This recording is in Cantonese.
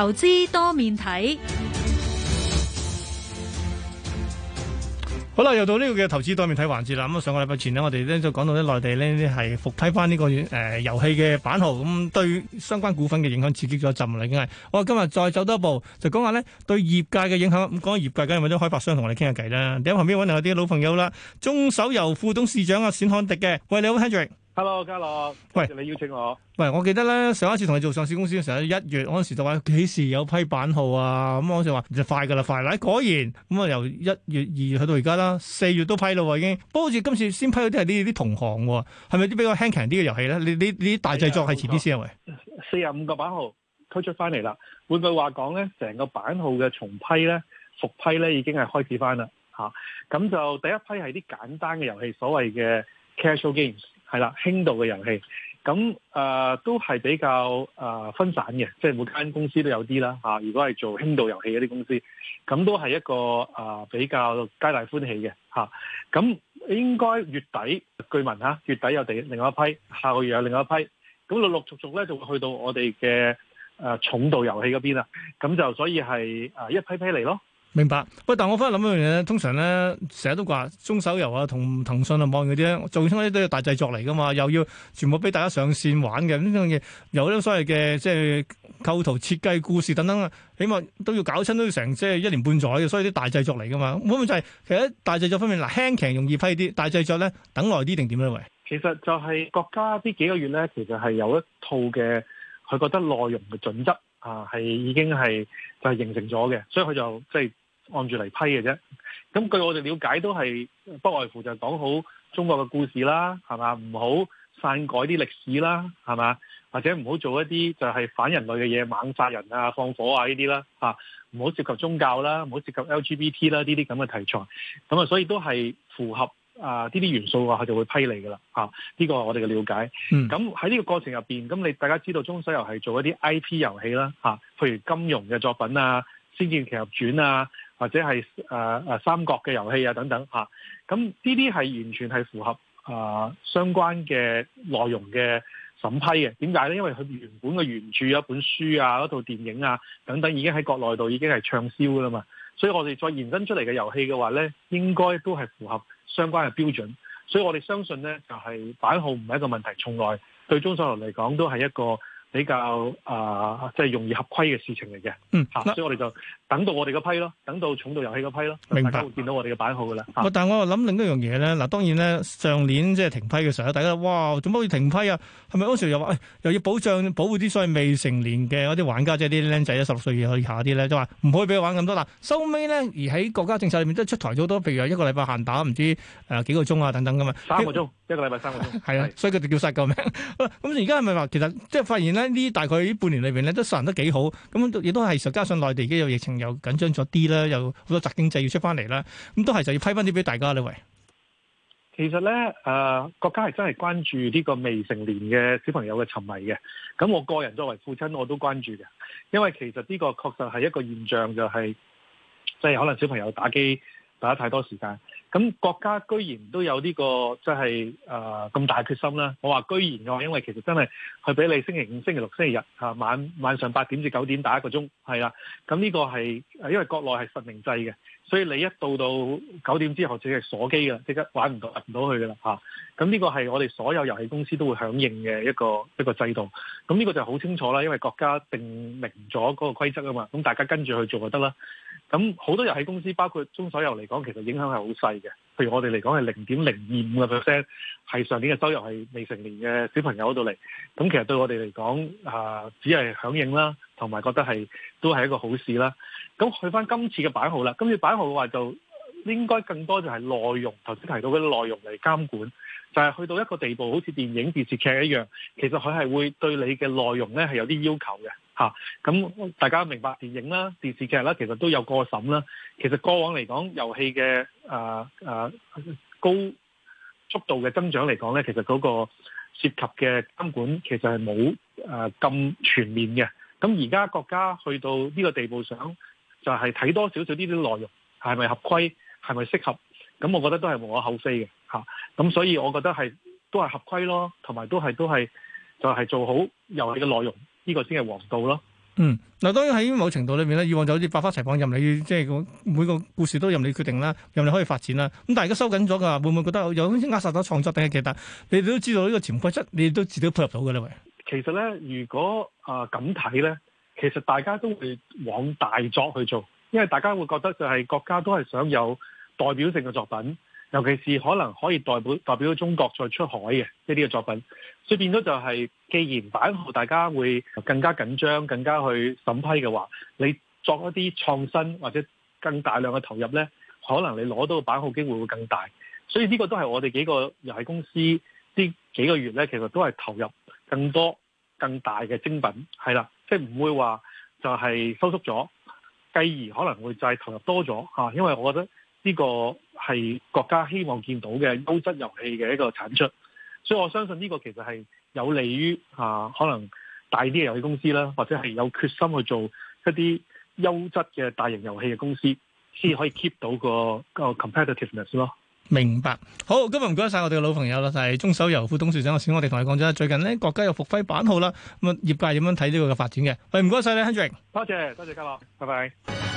投資多面睇，好啦，又到呢個嘅投資多面睇環節啦。咁啊，上個禮拜前呢我哋咧就講到咧內地啲係復批翻呢個誒遊戲嘅版號，咁對相關股份嘅影響刺激咗一陣已經係。我今日再走多一步，就講下呢對業界嘅影響。咁講到業界，梗係咪都開發商同我哋傾下偈啦。點解後邊搵到有啲老朋友啦？中手遊副董事長啊冼漢迪嘅，喂，你好，Henry。Hendrick。Hello，哈囉，嘉樂，喂，謝謝你邀請我。喂，我記得咧，上一次同你做上市公司嘅時候，一月嗰陣時就話幾時有批版號啊？咁、嗯、我好似話就快噶啦，快啦！果然，咁、嗯、啊由一月二月去到而家啦，四月都批咯、啊，已經。不過好似今次先批嗰啲係呢啲同行、啊，係咪啲比較輕強啲嘅遊戲咧？你你啲大製作係遲啲先係。四十五個版號推出翻嚟啦。換句話講咧，成個版號嘅重批咧、复批咧，已經係開始翻啦。吓，咁就第一批係啲簡單嘅遊戲，所謂嘅 casual games。係啦，輕度嘅遊戲，咁啊、呃、都係比較啊、呃、分散嘅，即係每間公司都有啲啦、啊、如果係做輕度遊戲嗰啲公司，咁都係一個啊、呃、比較皆大歡喜嘅嚇。咁、啊、應該月底據聞嚇，月底有第另外一批，下個月有另外一批，咁陸陸續續咧就會去到我哋嘅啊重度遊戲嗰邊啊。咁就所以係、呃、一批一批嚟咯。明白，喂！但我翻去諗一樣嘢咧，通常咧成日都話中手游啊同騰訊啊網嗰啲咧，做親啲都要大製作嚟噶嘛，又要全部俾大家上線玩嘅呢樣嘢，有啲所謂嘅即係構圖設計、故事等等啊，起碼都要搞親都要成即係一年半載嘅，所以啲大製作嚟噶嘛。咁咪就係、是、其實大製作方面嗱，輕騎容易批啲，大製作咧等耐啲定點樣？喂，其實就係國家呢幾個月咧，其實係有一套嘅，佢覺得內容嘅準則啊，係已經係就係、是、形成咗嘅，所以佢就即、就是按住嚟批嘅啫，咁據我哋了解都係不外乎就講好中國嘅故事啦，係嘛？唔好篡改啲歷史啦，係嘛？或者唔好做一啲就係反人類嘅嘢，猛殺人啊、放火啊呢啲啦，嚇、啊、唔好涉及宗教啦，唔好涉及 LGBT 啦，呢啲咁嘅題材，咁啊，所以都係符合啊呢啲元素嘅話，佢就會批你噶啦，嚇、啊！呢、這個係我哋嘅了解。咁喺呢個過程入面，咁你大家知道中手遊係做一啲 I P 遊戲啦，嚇、啊，譬如金融嘅作品啊，《仙劍奇俠傳》啊。或者係誒誒三國嘅遊戲啊等等嚇，咁呢啲係完全係符合誒、呃、相關嘅內容嘅審批嘅。點解咧？因為佢原本嘅原著一、啊、本書啊、一套電影啊等等已經喺國內度已經係暢銷㗎啦嘛，所以我哋再延伸出嚟嘅遊戲嘅話咧，應該都係符合相關嘅標準。所以我哋相信咧，就係、是、版號唔係一個問題，從來對中手游嚟講都係一個。比較啊，即、呃、係、就是、容易合規嘅事情嚟嘅，嗯、啊，所以我哋就等到我哋嘅批咯，等到重度遊戲嗰批咯，大家會見到我哋嘅版號噶啦。但係我又諗另一樣嘢咧，嗱，當然咧，上年即係停批嘅時候，大家覺得哇，做乜要停批啊？係咪嗰時又話、哎、又要保障保護啲所謂未成年嘅嗰啲玩家，即係啲僆仔咧，十六歲以下啲咧，就話唔可以俾佢玩咁多啦。收尾咧，而喺國家政策裏面都出台咗好多，譬如一個禮拜限打唔知誒幾個鐘啊，等等咁嘛，三個鐘。一個禮拜三個鐘，係啊，所以佢哋叫晒救命。咁 而家係咪話，其實即係發現咧，呢大概呢半年裏邊咧，都實行得幾好。咁亦都係，再加上內地已經有疫情又緊張咗啲啦，有好多宅經濟要出翻嚟啦。咁都係就要批翻啲俾大家呢位。其實咧，誒，國家係真係關注呢個未成年嘅小朋友嘅沉迷嘅。咁我個人作為父親，我都關注嘅，因為其實呢個確實係一個現象、就是，就係即係可能小朋友打機打得太多時間。咁國家居然都有呢個即係誒咁大決心啦！我話居然嘅話因為其實真係去俾你星期五、星期六、星期日吓、啊、晚晚上八點至九點打一個鐘係啦。咁呢個係因為國內係實名制嘅，所以你一到到九點之後，淨係鎖機嘅，即刻玩唔到唔到去㗎啦。咁呢個係我哋所有遊戲公司都會響應嘅一個一個制度。咁呢個就好清楚啦，因為國家定明咗嗰個規則啊嘛，咁大家跟住去做就得啦。咁好多遊戲公司包括中手游嚟講，其實影響係好細。嘅，譬如我哋嚟講係零點零二五嘅 percent，係上年嘅收入係未成年嘅小朋友嗰度嚟。咁其實對我哋嚟講，啊、呃，只係響應啦，同埋覺得係都係一個好事啦。咁去翻今次嘅版號啦，今次版號嘅話就應該更多就係內容。頭先提到嘅內容嚟監管，就係、是、去到一個地步，好似電、電影、電視劇一樣，其實佢係會對你嘅內容咧係有啲要求嘅。吓、啊，咁大家明白電影啦、電視劇啦，其實都有過審啦。其實過往嚟講，遊戲嘅。啊啊高速度嘅增長嚟講咧，其實嗰個涉及嘅監管其實係冇啊咁全面嘅。咁而家國家去到呢個地步上，就係睇多少少呢啲內容係咪合規，係咪適合。咁我覺得都係無可厚非嘅吓。咁、啊、所以我覺得係都係合規咯，同埋都係都係就係做好遊戲嘅內容，呢、呢個先係王道咯。嗯，嗱，當然喺某程度裏面，咧，以往就好似百花齊放，任你即係咁每個故事都任你決定啦，任你可以發展啦。咁但係而家收緊咗㗎，會唔會覺得有有扼殺咗創作定係其他？你哋都知道呢個潛規則，你都自己都配合到㗎喇，喂。其實咧，如果啊咁睇咧，其實大家都會往大作去做，因為大家會覺得就係國家都係想有代表性嘅作品。尤其是可能可以代表代表中國再出海嘅呢啲嘅作品，所以變咗就係、是、既然版號大家會更加緊張，更加去審批嘅話，你作一啲創新或者更大量嘅投入咧，可能你攞到嘅版號機會會更大。所以呢個都係我哋幾個遊戲公司呢幾個月咧，其實都係投入更多、更大嘅精品，係啦，即係唔會話就係收縮咗，繼而可能會再投入多咗，啊，因為我覺得。呢個係國家希望見到嘅優質遊戲嘅一個產出，所以我相信呢個其實係有利於啊，可能大啲嘅遊戲公司啦，或者係有決心去做一啲優質嘅大型遊戲嘅公司，先至可以 keep 到個個 competitiveness 咯。明白。好，今日唔該晒我哋嘅老朋友啦，就係中手遊副董事長。首先我哋同你講咗，最近咧國家有復批版號啦，咁啊業界點樣睇呢個嘅發展嘅？唔該晒你 Henry。多謝，多謝嘉樂，拜拜。